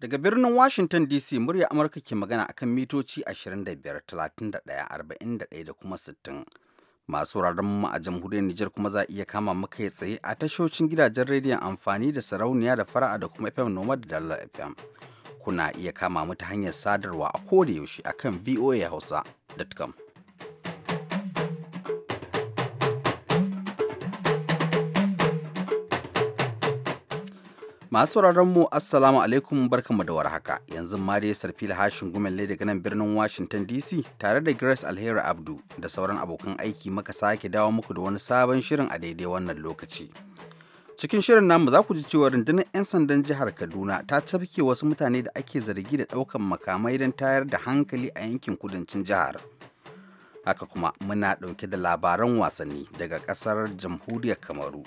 Daga birnin Washington DC murya Amurka ke magana akan mitoci 25, 31, 41 da kuma 60. Masu wuraren mu a jamhuriyar Nijar kuma za a iya kama muka kai tsaye a tashocin gidajen rediyon amfani da sarauniya da fara'a da kuma FM Nomad da Dallar FM. Kuna iya kama mu ta hanyar sadarwa a koda yaushe akan voahausa.com. Masu mu Assalamu alaikum barkanmu da warhaka. Yanzu ma dai sarfila hashin gumelle daga nan birnin Washington DC tare da Grace Alheri Abdu da sauran abokan aiki maka sake dawo muku da wani sabon shirin a daidai wannan lokaci. Cikin shirin namu za ku ji cewa rundunar 'yan sandan jihar Kaduna ta tafke wasu mutane da ake zargi da ɗaukan makamai don tayar da hankali a yankin kudancin jihar. Haka kuma muna ɗauke da labaran wasanni daga ƙasar jamhuriyar Kamaru.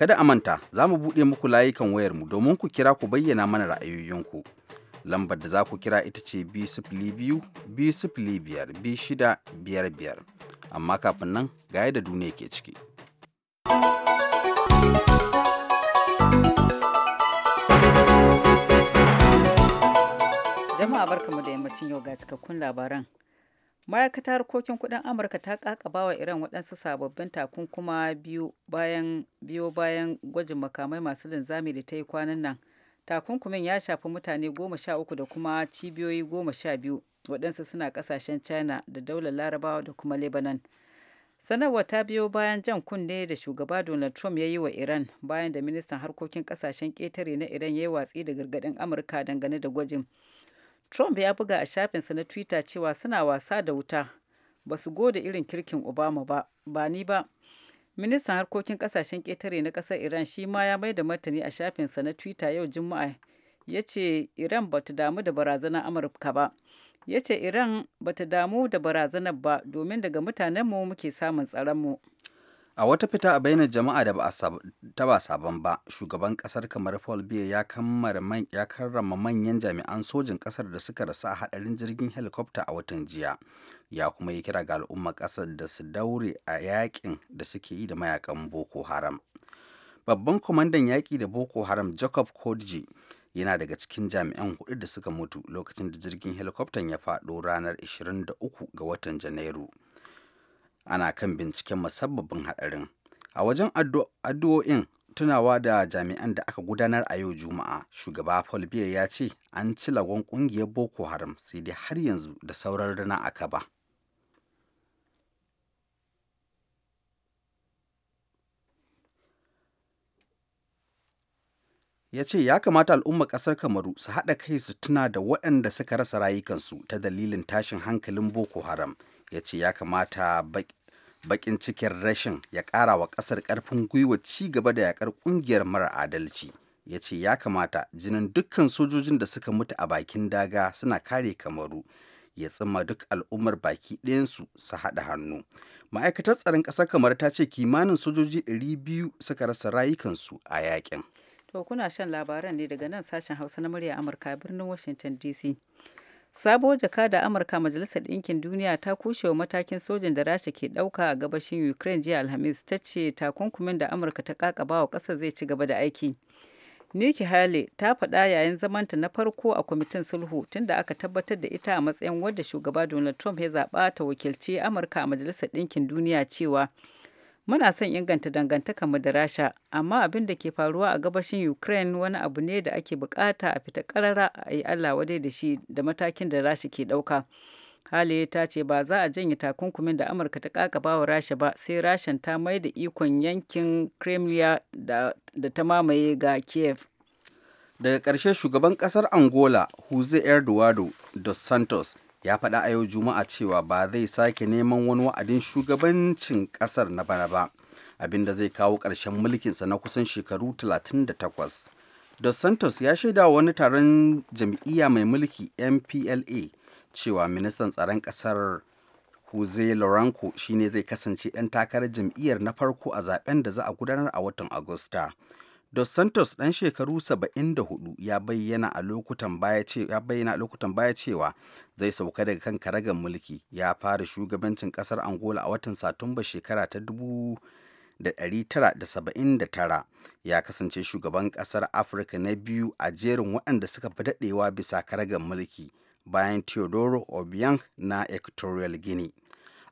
Kada a manta za mu buɗe muku layukan wayarmu domin ku kira ku bayyana mana ra'ayoyinku. Lambar da za ku kira ita ce b biyu b biyar b shida biyar biyar. Amma kafin nan ga da duniya ke ciki. Jama'a barkamu da yammacin yau ga cikakkun labaran. ma'aikatar harkokin kudin amurka ta kakaba wa iran waɗansu sababbin takunkuma biyu bayan biyo bayan gwajin makamai masu linzami da ta yi kwanan nan takunkumin ya shafi mutane goma sha uku da kuma cibiyoyi goma sha biyu waɗansu suna ƙasashen china da daular larabawa da kuma lebanon sanarwa ta biyo bayan jan kunne da shugaba donald trump ya yi wa iran bayan da ministan harkokin ƙasashen ƙetare na iran ya yi watsi da gargaɗin amurka dangane da gwajin Trump ya buga a shafinsa na Twitter cewa suna wasa da wuta, ba su gode irin kirkin Obama ba, ba ni ba. Ministan harkokin kasashen ƙetare na ƙasar Iran shi ma ya mai da martani a shafinsa na Twitter yau Juma'a ya ce Iran ba ta damu da barazanar Amurka ba. Ya ce Iran ba ta damu da barazanar ba domin daga mutanenmu muke samun tsaronmu. A wata fita a bainar jama'a da ba ba sabon ba, shugaban kasar kamar Paul Biya ya karrama manyan jami'an sojin kasar da suka rasa a hadarin jirgin helikopta a watan jiya. Ya kuma yi kira ga al'ummar kasar da su daure a yakin da suke yi da mayakan Boko Haram. Babban kwamandan yaƙi da Boko Haram Jacob Kodji yana daga cikin jami'an hudu da suka mutu lokacin da jirgin helikoftan ya faɗo ranar 23 ga watan Janairu. ana kan binciken musabbabin hadarin. a wajen addu'o'in tunawa da jami'an da aka gudanar a yau juma'a shugaba paul biya ya ce an ci lagon ƙungiyar boko haram sai dai har yanzu da sauran rana aka ba ya ce ya kamata al'ummar ƙasar kamaru su haɗa kai su tuna da waɗanda suka rasa rayukansu ta dalilin tashin hankalin boko haram ya ce ya kamata bakin cikin rashin ya ƙara wa ƙasar ƙarfin gwiwa ci gaba da yaƙar kungiyar mara adalci ya ce ya kamata jinin dukkan sojojin da suka mutu a bakin daga suna kare kamaru ya tsima duk al'ummar baki ɗayansu su haɗa hannu ma'aikatar tsaron ƙasar kamar ta ce kimanin sojoji 200 suka rasa rayukansu a yakin. to kuna shan labaran ne daga nan sashen hausa na murya amurka birnin washington dc sabuwar jaka da amurka majalisar ɗinkin duniya ta kushe wa matakin sojin da rasha ke ɗauka a gabashin ukraine jiya alhamis ta ce takunkumin da amurka ta kakaba wa ƙasar zai ci gaba da aiki Nikki Haley ta faɗa yayin zamanta na farko a kwamitin sulhu tunda aka tabbatar da ita a matsayin wadda shugaba Donald Trump ya zaɓa ta wakilci Amurka a Majalisar Ɗinkin Duniya cewa muna son inganta mu da rasha amma abin da ke faruwa a gabashin ukraine wani abu ne da ake bukata a fita karara a yi allah wadai da shi da matakin da rasha ke dauka hali ta ce ba za a janye takunkumin da amurka ta kakaba wa rasha ba sai rashan ta mai da ikon yankin crimea da, ta mamaye ga kiev daga ƙarshe shugaban ƙasar angola jose eduardo dos santos ya faɗa a yau juma'a cewa ba zai sake neman wani wa'adin shugabancin ƙasar na bana ba abinda zai kawo ƙarshen mulkinsa na kusan shekaru 38 dos santos ya shaida wani taron jam'iyya mai mulki mpla cewa ministan tsaron ƙasar jose loranco shine zai kasance ɗan takarar jam'iyyar na farko a zaben da za a gudanar a watan agusta Dos Santos ɗan shekaru 74 ya bayyana a lokutan baya cewa zai sauka daga kan karagar mulki ya fara shugabancin ƙasar Angola a watan Satumba shekara ta 1979 ya kasance shugaban ƙasar Afirka na biyu a jerin waɗanda suka fi daɗewa bisa karagar mulki bayan Teodoro Obiang na Equatorial Guinea.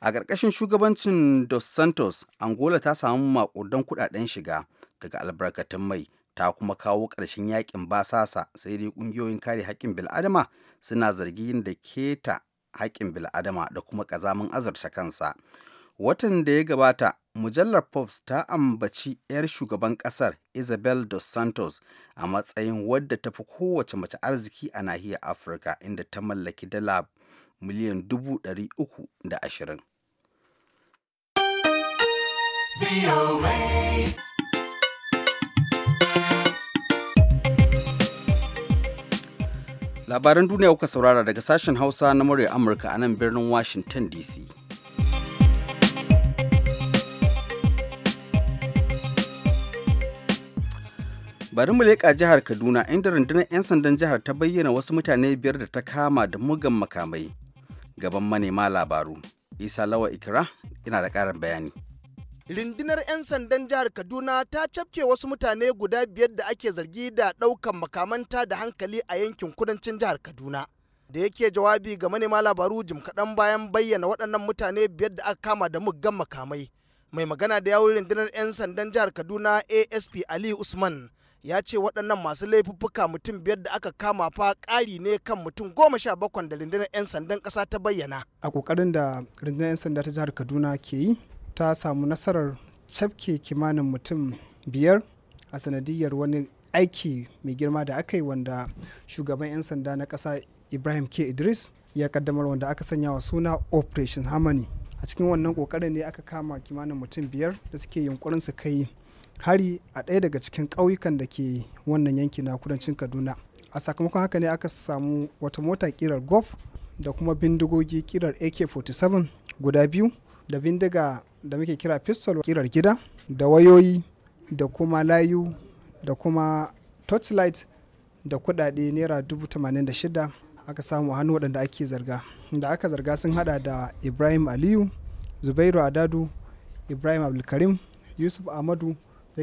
a ƙarƙashin shugabancin dos santos angola ta samu maƙudan kuɗaɗen shiga daga albarkatun mai ta kuma kawo ƙarshen yakin basasa sai dai ƙungiyoyin kare haƙƙin bil'adama suna zargin da keta haƙƙin bil'adama da kuma ƙazamin azurta kansa watan da ya gabata mujallar pops ta ambaci 'yar shugaban ƙasar isabel dos santos a matsayin wadda ta fi kowace mace arziki a nahiyar afirka inda ta mallaki dala miliyan dubu ɗari uku da ashirin. Labaran duniya kuka saurara daga sashen Hausa na murya Amurka a nan birnin Washington DC. bari mu leƙa jihar kaduna inda rundunar 'yan sandan jihar ta bayyana wasu mutane biyar da ta kama da mugan makamai gaban manema labaru isa lawa ikira ina da ƙarin bayani Rindinar 'yan sandan jihar Kaduna ta cafke wasu mutane guda biyar da ake zargi da ɗaukan makamanta da hankali a yankin kudancin jihar Kaduna. Da yake jawabi ga manema labaru jim kaɗan bayan bayyana waɗannan mutane biyar da aka kama da muggan makamai. Mai magana da yawun rundunar 'yan sandan jihar Kaduna ASP Ali Usman ya ce waɗannan masu laifuffuka mutum biyar da aka kama fa ƙari ne kan mutum goma sha bakwai da rundunar 'yan sandan ƙasa ta bayyana a ƙoƙarin da rundunar 'yan sanda ta jihar kaduna ke yi ta samu nasarar cafke kimanin mutum biyar a sanadiyar wani aiki mai girma da aka yi wanda shugaban 'yan sanda na ƙasa ibrahim k idris ya kaddamar wanda aka sanya wa suna operation harmony a cikin wannan ƙoƙarin ne aka kama kimanin mutum biyar da suke yunkurin su kai hari a ɗaya daga cikin ƙauyukan da ke wannan yanki na kudancin kaduna a sakamakon haka ne aka samu wata mota kirar golf da kuma bindigogi kirar ak-47 guda biyu da bindiga da muke kira pistol kirar gida da wayoyi da kuma layu da kuma torchlight da kudade naira da shida aka samu hannu waɗanda ake zarga da aka zarga sun hada da ibrahim aliyu zubairu adadu ibrahim abdulkarim yusuf ahmadu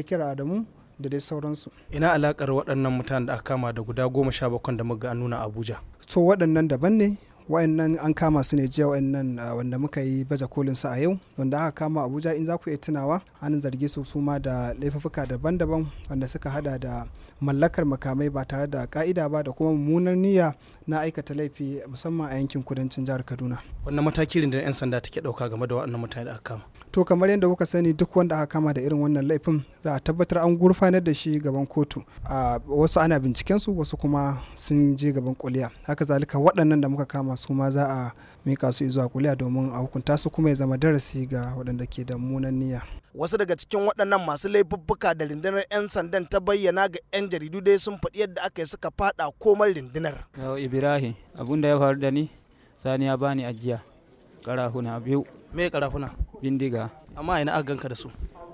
kira adamu da dai sauransu ina alakar waɗannan mutanen da aka kama da guda goma sha bakwai da muka nuna abuja to waɗannan daban ne wa'annan an kama su ne jiya wa'annan ah, wanda muka yi baje kolin su a yau wanda aka kama abuja in za ku iya tunawa an zargi su su ma da laifuka daban-daban wanda suka hada da mallakar makamai ba tare da ka'ida ba da kuma mummunar niyya na aikata laifi musamman a yankin kudancin jihar kaduna wannan mataki da 'yan sanda take dauka game da wa'annan mutane da aka kama to kamar yadda kuka sani duk wanda aka kama da irin wannan laifin za a tabbatar an gurfanar da shi gaban kotu a wasu ana binciken su wasu kuma sun je gaban kuliya haka zalika waɗannan da muka kama su ma za a mika su zuwa kuliya domin a hukunta su kuma ya zama darasi ga waɗanda ke da munan niyya wasu daga cikin waɗannan masu laifuffuka da rundunar 'yan sandan ta bayyana ga 'yan jaridu dai sun faɗi yadda aka yi suka faɗa komar rundunar ibrahim abun da ya faru da ni sani ya bani ajiya karahuna biyu me karahuna bindiga amma ina aka ganka da su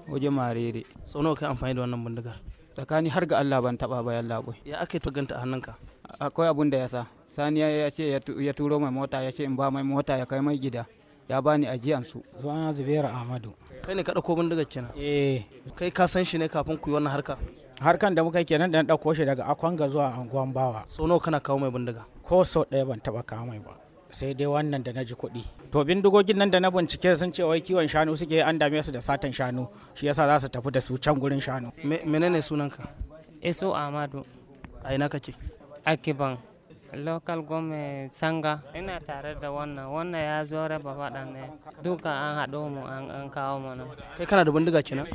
waje marere sau nawa kai amfani da wannan bindigar tsakani har ga Allah ban taba ba laboi ya ake tuganta a hannunka akwai abun da ya sa saniya ya ce ya turo mai mota ya ce in ba mai mota ya kai mai gida ya bani ajiyan su sunana Zubairu Ahmadu kai ne ka dauko bindigar kenan eh kai ka san shi ne kafin ku yi wannan harka harkan da muka yi kenan dan dauko shi daga Akwanga zuwa Anguwan Bawa so nawa kana kawo mai bindiga ko sau ɗaya ban taba kawo mai ba sai dai wannan da na ji kuɗi to bindigogin nan da na bincike sun ce wai kiwon shanu suke an dame su da satan shanu shi yasa za su tafi da su can gurin shanu menene sunanka eso amadu a ina kake akiban local government sanga ina tare da wannan wannan ya zo raba faɗan ne duka an haɗo mu an kawo mu nan. kai kana da bindiga kenan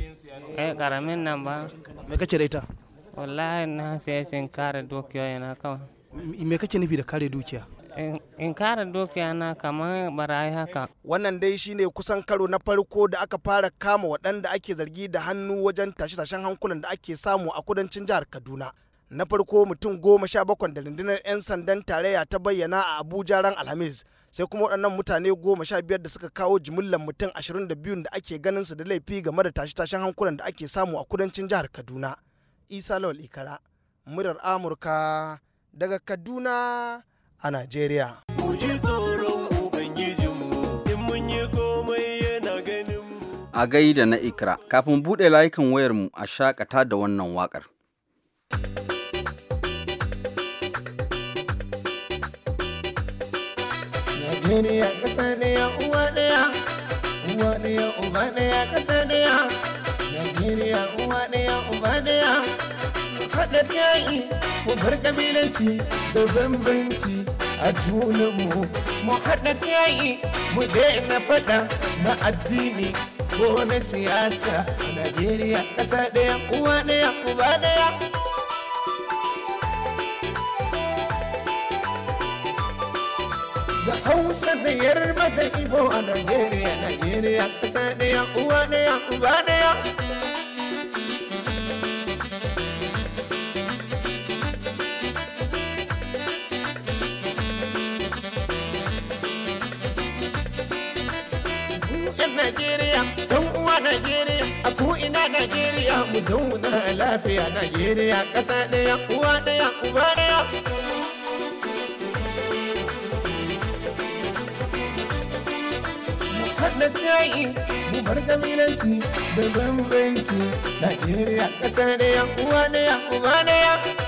eh karamin nan ba me kake da ita wallahi na sai sun kare dukiyoyi na kawai me kake nufi da kare dukiya in kare na kamar barayi haka. Wannan dai shine kusan karo na farko da aka fara kama waɗanda ake zargi da hannu wajen tashe-tashen hankulan da ake samu a kudancin jihar Kaduna. Na farko mutum goma sha bakwai da rundunar 'yan sandan tarayya ta bayyana a Abuja ran Alhamis. Sai kuma waɗannan mutane goma sha biyar da suka kawo jimillar mutum ashirin da biyun da ake ganin su da laifi game da tashe-tashen hankulan da ake samu a kudancin jihar Kaduna. Isa Lawal Ikara, murar Amurka daga Kaduna a Najeriya. A gaida na ikra, kafin buɗe layukan wayarmu a shakata da wannan waƙar. Najeriya ƙasa ya uwa ɗaya, uwa ɗaya uba ɗaya ƙasa ɗaya. Najeriya uwa ɗaya uba da yayi mu bar kabilanci da bambanci a junanmu mu haɗa yayi mu daina faɗa na addini ko na siyasa a Najeriya ƙasa ɗaya uwa ɗaya uba ɗaya. Da Hausa da Yarba da Ibo a Najeriya, Najeriya ƙasa ɗaya uwa ɗaya uba ɗaya. Najeriya, ɗan uwa Najeriya, a ina Najeriya, mu zauna lafiya Najeriya, ƙasa ɗaya, uwa ɗaya, uba ɗaya. Haɗa tsayi, mu bar ƙabilanci da bambanci, Najeriya, ƙasa ɗaya, uwa ɗaya, uba ɗaya.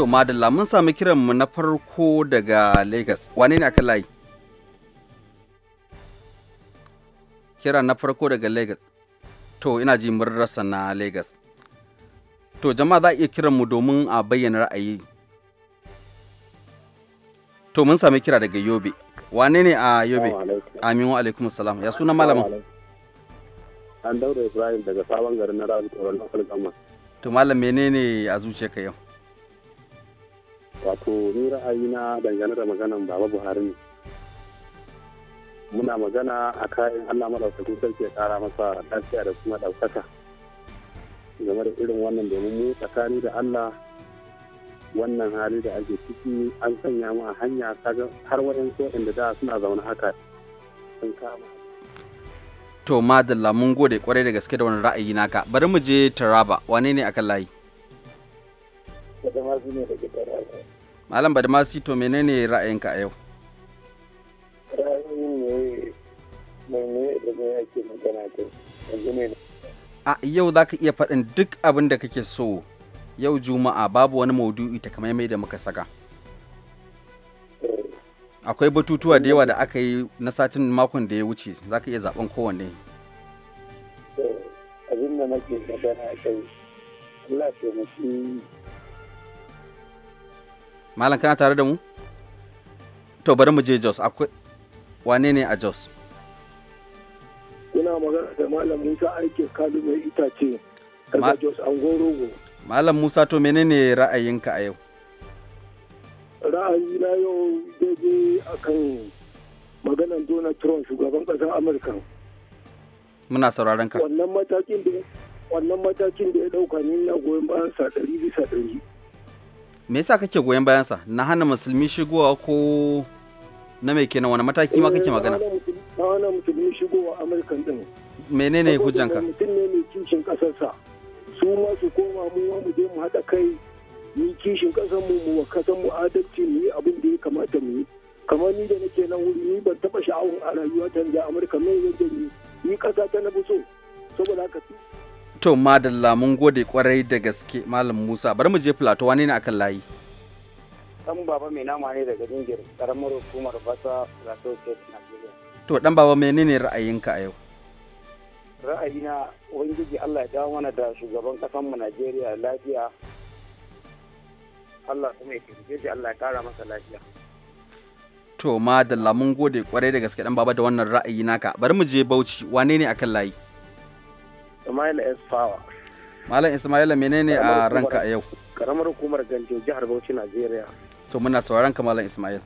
To madalla mun sami kiranmu na farko daga Lagos. Wane ne aka layi? Kira na farko daga Lagos. To ina ji rasa na Lagos. To jama'a za a iya kiranmu domin a bayyana ra'ayi. To mun sami kira daga Yobe. Wane ne a Yobe? Amin wa alaikum salam. Ya suna malamin? An daura Ibrahim daga sabon garin na Rabi Tsoron Lokal To malam menene a zuciyarka yau? wato ni ra'ayi na dangane da maganan baba buhari ne muna magana a kayan allah maɗaukakin sarki ya kara masa lafiya da kuma ɗaukaka game da irin wannan domin mu tsakani da allah wannan hali da ake ciki an sanya mu a hanya har so inda da suna zaune haka sun kama to madalla mun gode kwarai da gaske da wani ra'ayi naka bari mu je taraba wane ne akan layi Badamasi ne da gidan rana. Malam Badamasi to menene ra'ayinka a yau? Ra'ayin ne ne da ne magana ta yanzu ne. A yau za ka iya faɗin duk abin da kake so yau juma'a babu wani maudu'i mai da muka saka. akwai batutuwa da yawa da aka yi na satin makon da ya wuce za ka iya zaɓen kowanne abin da nake magana kai Allah malam kana tare da mu to bari mu je jos akwai wane ne a jos kuna magana da malam musa aikin kalu mai itace daga jos go. malam musa to menene ra'ayinka a yau ra'ayi na yau daidai kan maganan donald trump shugaban ƙasar amurka muna sauraron ka wannan matakin da ya ɗauka ni na goyon bayan sa ɗari bisa ɗari me yasa kake goyon bayansa na hana musulmi shigowa ko na mai kenan wani mataki ma kake magana na hana musulmi shigowa amurkan din menene hujjanka mutum ne mai kishin kasarsa su ma su koma mu mu je mu hada kai mu kishin kasar mu mu wakatan mu adalci mu yi abin da ya kamata mu yi kamar ni da nake nan wuri ni ban taba sha'awun a rayuwa ta da amurka mai yadda ni ni kasa ta na so saboda haka To madalla mun gode kwarai da gaske Malam Musa bari mu je Plateau wani ne akan layi. Dan baba mai nama ne daga Jingir karamar hukumar Basa Plateau State Nigeria. To dan baba menene ra'ayinka a yau? Ra'ayina wangiji Allah ya dawo mana da shugaban kasan mu Najeriya lafiya. Allah kuma ya shi Allah ya kara masa lafiya. To madalla mun gode kwarai da gaske dan baba da wannan ra'ayi naka bari mu je Bauchi wane ne akan layi? ismaila S. Malam Ismaila menene a ranka a yau? Karamar hukumar Ganjo jihar Bauchi Najeriya. To muna sauran ka Malam Ismail.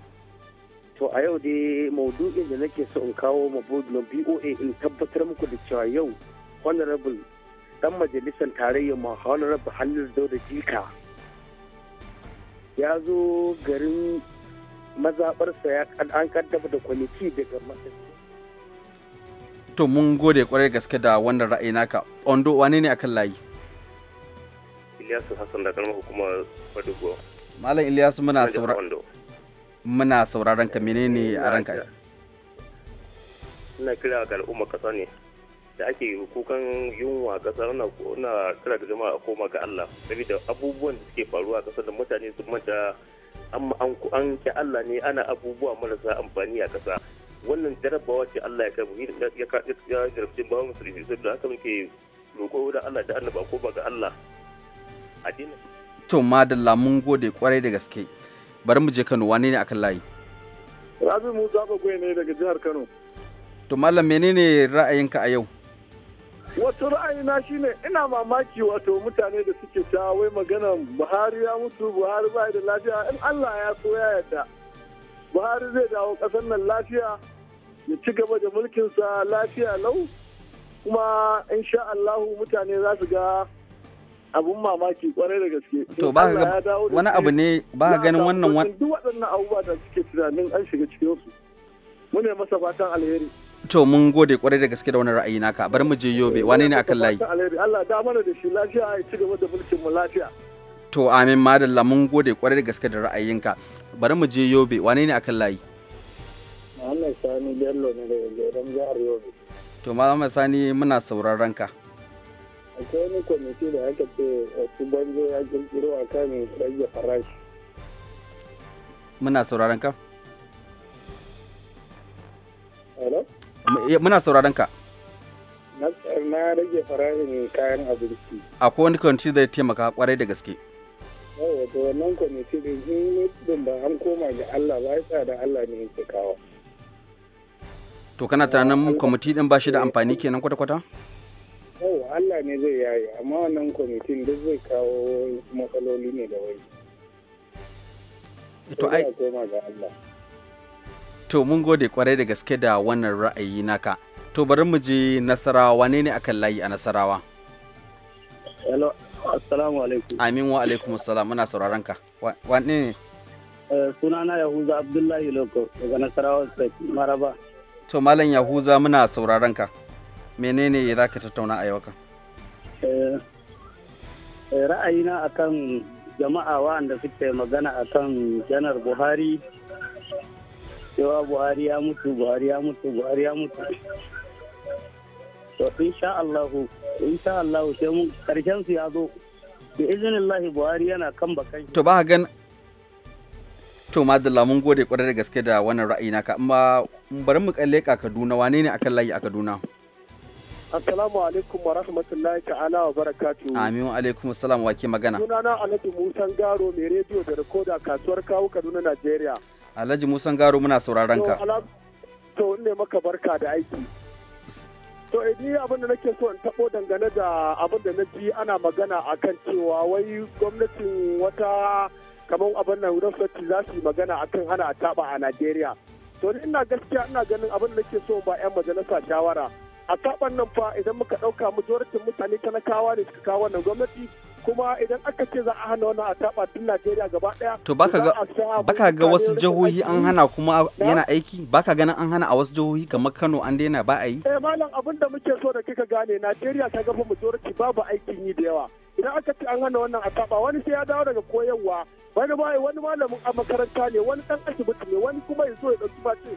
To a yau dai maudu'in da nake so in kawo ma BOA in tabbatar muku da cewa yau honorable dan majalisar tarayya, ma honorable Halil Dauda Jika ya zo garin mazaɓarsa ya an kaddama da kwamiti daga to mun gode kwarai gaske da wannan ra'ayi naka ondo wane ne akan layi Ilyasu Hassan da hukumar Malam Ilyasu muna saura muna sauraron ka menene a ranka? Ina kira ga al'umma kasa ne da ake kukan yunwa kasar na kuna kira ga jama'a koma ga Allah saboda abubuwan da suke faruwa a kasar da mutane sun manta an an ki Allah ne ana abubuwa marasa amfani a kasa. wannan jarabawa ce Allah ya karbu ya ya jarabci ba mu sai da haka muke roƙo da Allah da ba ko ba ga Allah addinin to madalla mun gode kwarai da gaske bari mu je Kano wane ne akan layi Rabi mu Musa Bagwai ne daga jihar Kano to malam menene ra'ayinka a yau wato na shine ina mamaki wato mutane da suke ta wai magana buhari ya mutu buhari bai da lafiya in allah ya so ya yarda buhari zai dawo ƙasar nan lafiya ya ci gaba da mulkinsa lafiya lau kuma insha Allahu mutane za su ga abun mamaki kwarai da gaske. To ba ga wani abu ne ba ganin wannan wani. Duk waɗannan abubuwa da suke tunanin an shiga cikinsu. Mune masa fatan alheri. To mun gode kwarai da gaske da wani ra'ayi naka bar mu je yobe wane ne akan layi. Allah da mana da shi lafiya ya ci gaba da mulkin mu lafiya. To amin madalla mun gode kwarai da gaske da ra'ayinka bari mu je yobe wane ne akan layi. Muhammad Sani Bello ne da Jordan jihar Yobe. To Muhammad Sani muna sauraron ka. Akwai wani kwamiti da aka ce wasu banjo ya kirkiro a kan rage farashi. Muna sauraron ka. Hello? Muna sauraron ka. Na rage farashin kayan abinci. Akwai wani kwamiti da ya taimaka kwarai da gaske. Yau wato wannan kwamiti din yi mutum ba an koma ga Allah ba ya da Allah ne yake kawo. to kana nan kwamiti din ba shi da amfani kenan kwata-kwata yau oh, allah ne zai yayi amma wannan kwamitin duk zai kawo matsaloli ne da wai to ai to mun gode kwarai da gaske da wannan ra'ayi naka to bari mu je nasarawa ne ne akan layi a nasarawa hello assalamu alaikum amin wa alaikum assalam muna sauraron ka wane ne eh, sunana yahuza abdullahi loko daga nasarawa state maraba to malam yahuza muna sauraron ka menene za ka tattauna a yau kan eh, eh, ra'ayina akan jama'a wa'anda suke magana akan janar buhari cewa buhari ya mutu buhari ya mutu buhari ya mutu to insha Allahu insha Allahu sai mun karshen su ya zo bi Lahi buhari yana kan bakan to ba gan to madalla mun gode kwarai da gaske da wannan ra'ayi naka amma bari mu kalle ka Kaduna wane ne akan layi a Kaduna Assalamu alaikum wa rahmatullahi ta'ala wa barakatu. Amin wa alaikum assalam wa ke magana. na Alhaji Musan Garo mai rediyo da rikoda kasuwar kawu Kaduna Najeriya. Alhaji Musan Garo muna sauraron ka. To ne maka barka da aiki. To idi eh, abin da nake so in tabo dangane da abin da na ji ana magana akan cewa wai gwamnatin wata kamar abin nan rufsati za su yi magana kan hana a taba a najeriya to ina gaskiya ina ganin abin da ke so ba 'yan majalisa shawara a taban nan fa idan muka ɗauka majoritin mutane ta na talakawa ne suka kawo wannan gwamnati kuma idan aka ce za a hana wannan a taba tun Najeriya gaba daya to baka ga ga wasu jihohi an hana kuma yana aiki baka ganin an hana a wasu jihohi kamar Kano an daina ba a yi eh malam abin da muke so da kika gane Najeriya ta gafa majority babu aikin yi da yawa idan aka ce an hana wannan ataba wani sai ya dawo daga koyarwa wani ba wani malamin a makaranta ne wani dan asibiti ne wani kuma ya ya dauki bace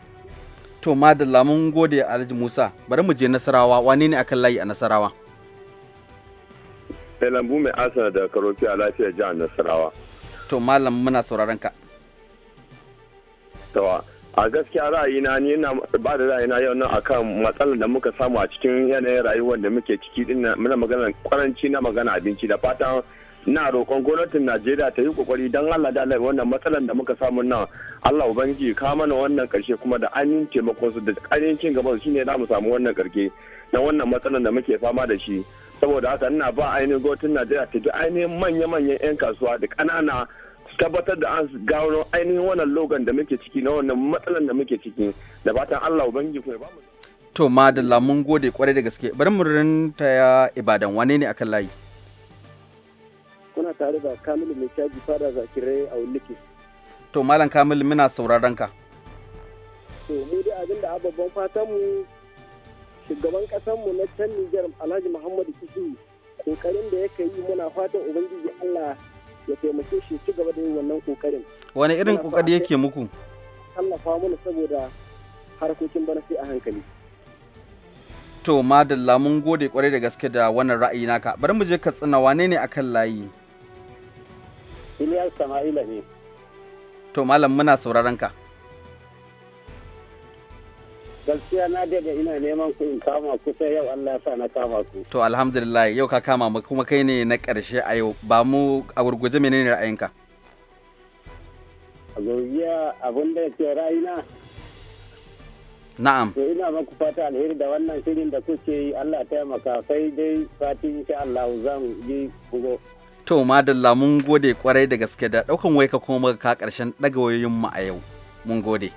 to madalla mun gode Alhaji Musa bari mu je Nasarawa wani ne akan layi a Nasarawa Sai lambu mai asana da karofi a lafiyar jihar Nasarawa to malam muna sauraron ka tawa a gaskiya ra'ayina ni na ba da ra'ayina yau nan akan matsalar da muka samu a cikin yanayin rayuwar da muke ciki din muna magana kwaranci na magana abinci da fatan na roƙon gwamnatin Najeriya ta yi kokari don Allah da Allah wannan matsalar da muka samu nan Allah ubangi ka mana wannan karshe kuma da amin taimakon su da ƙarin cin gaban shine za mu samu wannan karke na wannan matsalar da muke fama da shi saboda haka ina ba ainihin gwamnatin Najeriya ta bi ainihin manya-manyan 'yan kasuwa da ƙanana tabbatar da an gano ainihin wannan logan da muke ciki na wannan matsalan da muke ciki da fatan Allah ubangi ku ya mu to madalla mun gode kwarai da gaske bari mu rinta ya ibadan wane ne akan layi kuna tare da kamilu mai caji fada zakire a wuliki to malam kamilu muna sauraron ka to mu dai abin da babban fatan mu shugaban kasan mu na can Nijar Alhaji Muhammadu Kisu kokarin da yake yi muna fatan ubangiji Allah ya taimake shi ci gaba da yin wannan kokarin wani irin kokari yake muku tallafa mana saboda harkokin bana sai a hankali to madalla mun gode kwarai da gaske da wannan ra'ayi naka bari mu je katsina wane ne akan layi ilyas Sama'ila ne to malam muna sauraron ka gaskiya na daga ina neman ku in kama ku sai yau Allah ya sa na kama ku to alhamdulillah yau ka kama mu kuma kai ne na karshe a yau ba mu a gurguje menene ra'ayinka a abin da ke ra'ayina Na'am. To ina maku fata alheri da wannan shirin da kuke yi Allah taimaka sai dai sati insha Allah zan yi bugo. To madalla mun gode kwarai da gaske da ɗaukan wai ka kuma ka karshen ɗaga wayoyin a yau. Mun gode.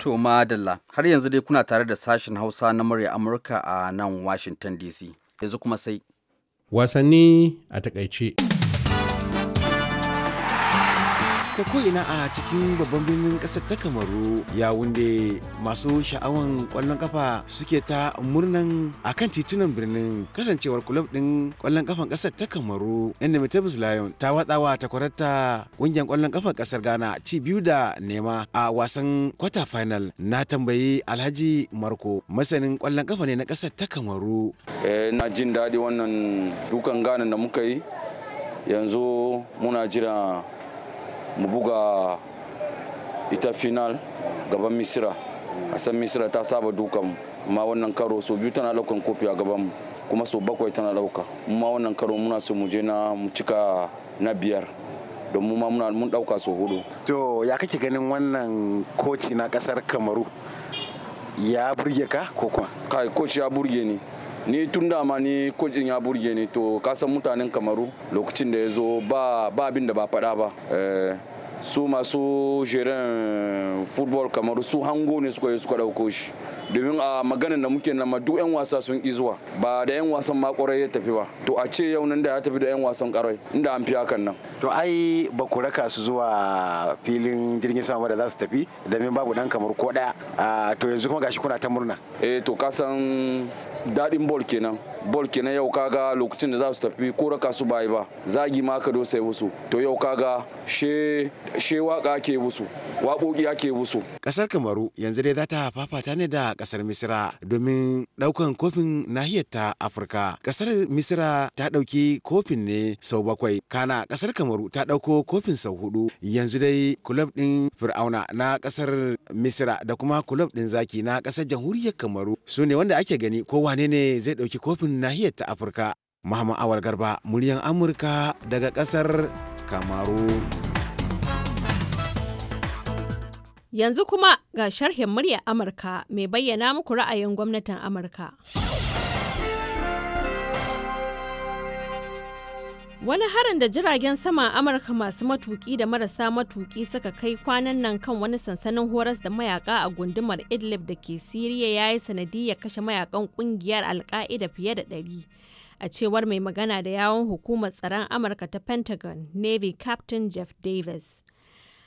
To madalla har yanzu dai kuna tare da sashen Hausa na murya Amurka a nan Washington DC. Yanzu kuma sai. Wasanni a takaice. ta ko'ina a cikin babban birnin ƙasar ta kamaru ya wunde masu sha'awan kwallon kafa suke ta murnan a kan titunan birnin kasancewar kulab ɗin kwallon kafan ƙasar ta kamaru inda metabus lion ta watsawa ta kwararta ƙungiyar ƙwallon kafan ƙasar ghana ci biyu da nema a wasan kwata final na tambayi alhaji marko masanin kwallon kafa ne na ƙasar ta kamaru. Eh, na jin daɗi wannan dukan ghana da muka yi yanzu muna jira mu buga ita final gaban misira a san misira ta saba dukan ma wannan karo so biyu tana daukan kofi a gaban kuma so bakwai tana dauka ma wannan karo muna so mu je na mu cika na biyar don mu ma muna mun dauka so hudu to ya kake ganin wannan koci na kasar kamaru ya burge ka ko kuma kai koci ya burge ni ni tun dama ni kojin ya burge ni to kasan mutanen kamaru lokacin da ya zo ba abin da ba faɗa ba eh, su masu jiran football kamaru su hango ne suka yi suka ɗauko shi domin a maganin da muke nama duk 'yan wasa sun ƙi zuwa ba da 'yan wasan makwarai ya tafi ba to a ce yau nan da ya tafi da 'yan wasan karai inda an fi hakan nan to ai ba ku raka su zuwa filin jirgin sama da za su tafi domin babu dan kamar ko daya ah, to yanzu kuma gashi kuna ta murna eh to kasan daɗin bol kenan bol kenan yau kaga lokacin da za su tafi ko raka su bayi ba zagi ma ka dosa musu to yau kaga she she waka ke musu waƙoƙi ake musu ƙasar kamaru yanzu dai za ta fafata ne da ƙasar misira domin ɗaukan kofin nahiyar ta afirka ƙasar misira ta ɗauki kofin ne sau bakwai kana ƙasar kamaru ta ɗauko kofin sau hudu yanzu dai kulob ɗin fir'auna na ƙasar misira da kuma kulob ɗin zaki na ƙasar jamhuriyar kamaru su ne wanda ake gani kowa wane ne zai ɗauki kofin nahiyar ta afirka mahama awal garba muryan amurka daga ƙasar kamaru yanzu kuma ga sharhin murya amurka mai bayyana muku ra'ayin gwamnatin amurka Wani harin da jiragen sama Amurka masu matuki da marasa matuki suka kai kwanan nan kan wani sansanin horas da mayaka a gundumar Idlib da ke Siriya ya yi sanadiyar kashe mayakan kungiyar Alka'ida fiye da ɗari. A cewar mai magana da yawon hukumar tsaron Amurka ta Pentagon, Navy Captain Jeff Davis.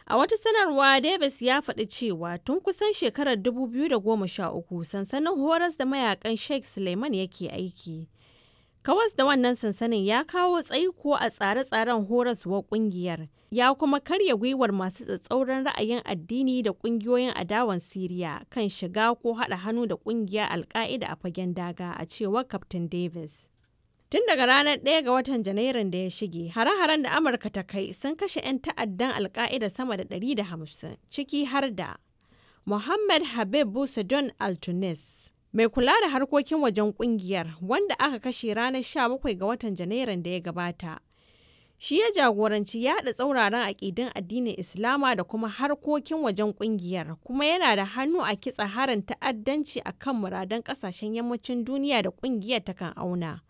A wata sanarwa Davis ya faɗi cewa tun kusan shekarar 2013 sansanin horas da mayakan Sheikh Suleiman yake aiki. Kawas da wannan sansanin ya kawo tsaiko a tsare-tsaren horas wa kungiyar, ya kuma karya gwiwar masu tsatsauran ra'ayin addini da kungiyoyin adawan Siriya kan shiga ko haɗa hannu da kungiyar Alka'ida a fagen daga a cewar Captain Davis. Tun daga ranar ɗaya ga watan Janairun da ya shige, hare-haren da Amurka ta kai sun kashe 'yan ta'addan Alka'ida sama da 150, ciki har da Muhammad Habib Busa John Altunis, mai kula da harkokin wajen kungiyar wanda aka kashe ranar 17 ga watan janairun da ya gabata shi ya jagoranci yada tsauraran aƙidin addinin islama da kuma harkokin wajen kungiyar kuma yana da hannu a kitsa harin ta'addanci a kan muradan ƙasashen yammacin duniya da kungiyar ta kan auna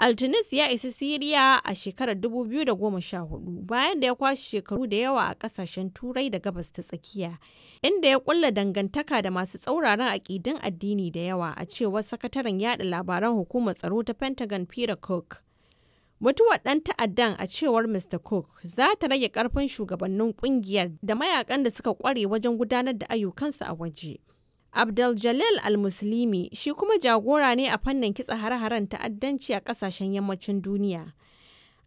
Altunis ya isa Siriya a shekarar 2014 bayan da ya kwashe shekaru da yawa a kasashen Turai da Gabas ta Tsakiya, inda ya kulla dangantaka da masu tsauraran aƙidun addini da yawa a cewar sakataren yada labaran hukumar tsaro ta Pentagon Peter Cook. Mutuwar ɗan ta'addan a cewar Mr. Cook za ta rage ƙarfin shugabannin ƙungiyar da mayakan da suka ƙware wajen gudanar da ayyukansu a waje. AbdulJalil Al-Muslimi shi kuma jagora ne a fannin kitsa hare-haren ta'addanci a kasashen yammacin duniya.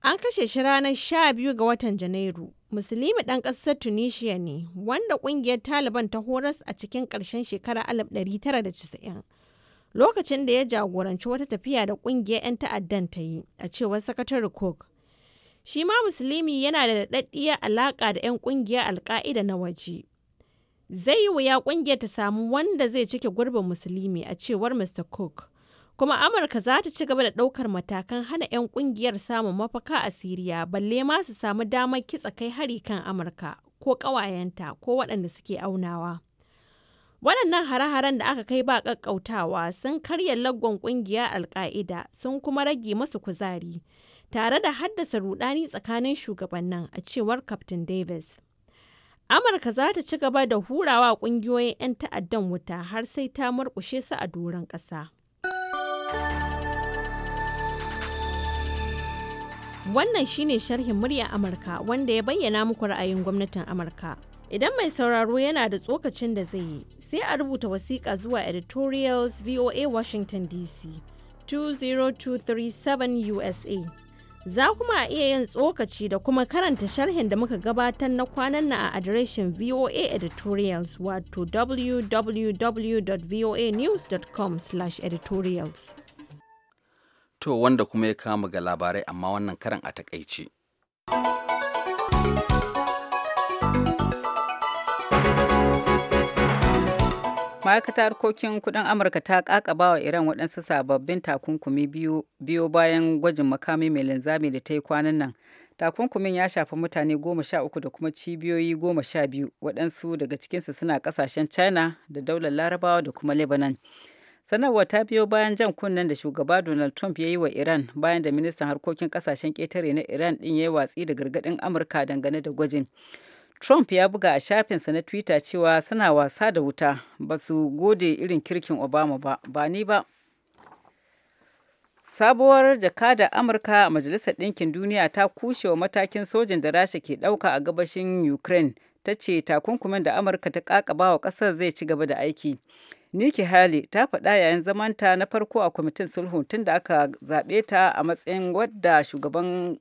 An kashe shi ranar 12 ga watan Janairu. Musulmi ɗan ƙasar Tunisia ne, wanda ƙungiyar Taliban ta horas a cikin ƙarshen shekarar 1990. Lokacin da ya jagoranci wata tafiya da ƙungiyar 'yan ta'addan ta yi, a cewar sakatare Cook. Shi ma Musulmi yana da daɗaɗɗiyar alaƙa da 'yan ƙungiyar Alƙa'ida na waje. Zai yi wuya kungiyar ta samu wanda zai cike gurbin musulmi a cewar Mr. Cook. Kuma Amurka za ta ci gaba da ɗaukar matakan hana 'yan kungiyar samun mafaka a Siriya balle ma su samu damar kitsa kai hari kan Amurka ko kawayenta ko waɗanda suke aunawa. waɗannan hare-haren da aka kai ba ƙaƙƙautawa sun karya laggon ƙungiyar alka'ida sun kuma rage masu kuzari tare da haddasa rudani tsakanin shugabannin a cewar captain davis Amurka za ta ci gaba da hurawa kungiyoyin 'yan ta'addan wuta har sai ta murƙushe su a doron ƙasa. Wannan shine sharhin murya Amurka wanda ya bayyana muku ra'ayin gwamnatin Amurka. Idan mai sauraro yana da tsokacin da zai yi, sai a rubuta wasiƙa zuwa editorials VOA Washington DC 20237 USA. Za kuma a iya yin tsokaci da kuma karanta sharhin da muka gabatar na kwanan na a adireshin VOA editorials wato www.voanews.com editorials. To wanda kuma ya kama ga labarai amma wannan karan a takaice. ma'aikatar harkokin kudin amurka ta kakaba wa iran waɗansu sababbin takunkumi biyo bayan gwajin makami mai linzami da ta yi kwanan nan takunkumin ya shafi mutane goma sha uku da kuma cibiyoyi goma sha biyu waɗansu daga cikinsu suna kasashen china da daular larabawa da kuma lebanon sanarwar ta biyo bayan jan kunnen da shugaba donald trump ya yi wa iran bayan da ministan harkokin ƙasashen ƙetare na iran ɗin ya yi watsi da gargaɗin amurka dangane da gwajin Trump ya buga a shafinsa na Twitter cewa suna wasa da wuta ba su gode irin kirkin Obama ba, ba ni ba. Sabuwar jakada Amurka a Majalisar Ɗinkin Duniya ta kushe wa matakin sojin da Rasha ke ɗauka a gabashin Ukraine ta ce takunkumin da Amurka ta kakaba wa ƙasar zai ci gaba da aiki. Nikki Haley ta faɗa yayin zamanta na farko a kwamitin sulhun tun da aka zaɓe ta a matsayin wadda shugaban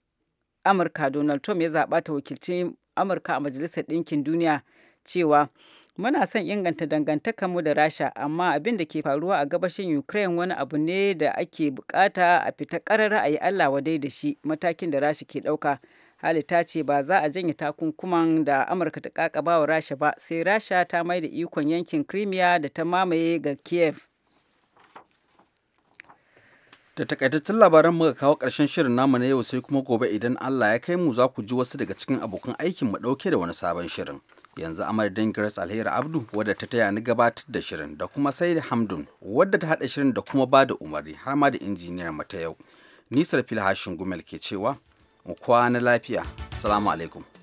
Amurka Donald Trump ya zaɓa ta wakilci amurka a majalisar ɗinkin duniya cewa muna son inganta dangantakarmu da rasha amma abin da ke faruwa a gabashin ukraine wani abu ne da ake bukata a fita karar a yi allah wadai da shi matakin da rasha ke ɗauka hali ta ce ba za a janye takunkuman da amurka ta kakaba wa rasha ba sai rasha ta mai da ikon yankin crimea da ta mamaye ga kiev da takaitattun labaran muka kawo ƙarshen shirin namu na yau sai kuma gobe idan allah ya kai mu za ku ji wasu daga cikin abokan aikin mu ɗauke da wani sabon shirin yanzu amadadin grace alheri abdu wadda ta taya ni gabatar da shirin da kuma sai da hamdun wadda ta haɗa shirin da kuma ba da umarni har ma da injiniyar ta yau nisar filhashin gumel ke cewa mu kwana lafiya salamu alaikum